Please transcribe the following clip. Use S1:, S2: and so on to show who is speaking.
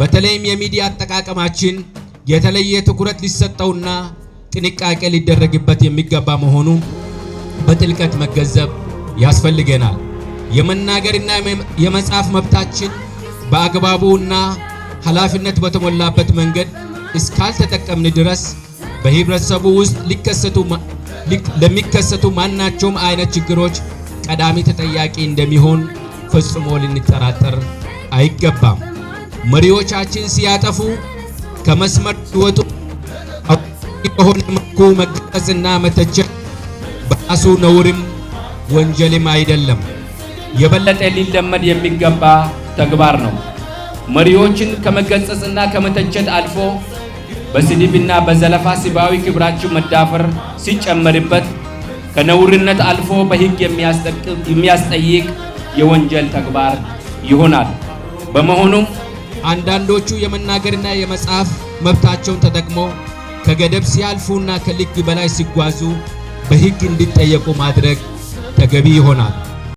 S1: በተለይም የሚዲያ አጠቃቀማችን የተለየ ትኩረት ሊሰጠውና ጥንቃቄ ሊደረግበት የሚገባ መሆኑ በጥልቀት መገንዘብ ያስፈልገናል። የመናገርና የመጻፍ መብታችን በአግባቡና ኃላፊነት በተሞላበት መንገድ እስካልተጠቀምን ድረስ በህብረተሰቡ ውስጥ ለሚከሰቱ ማናቸውም አይነት ችግሮች ቀዳሚ ተጠያቂ እንደሚሆን ፈጽሞ ልንጠራጠር አይገባም። መሪዎቻችን ሲያጠፉ ከመስመር ሲወጡ በሆነ መልኩ መገለጽና መተቸት በራሱ ነውርም ወንጀልም አይደለም፣ የበለጠ ሊለመድ የሚገባ ተግባር ነው። መሪዎችን ከመገሰጽና ከመተቸት አልፎ በስድብና በዘለፋ ሰብአዊ ክብራችን መዳፈር ሲጨመርበት ከነውርነት አልፎ በሕግ የሚያስጠይቅ የወንጀል ተግባር ይሆናል። በመሆኑም አንዳንዶቹ የመናገርና የመጻፍ መብታቸውን ተጠቅሞ ከገደብ ሲያልፉና ከልክ በላይ ሲጓዙ በሕግ እንዲጠየቁ ማድረግ ተገቢ ይሆናል።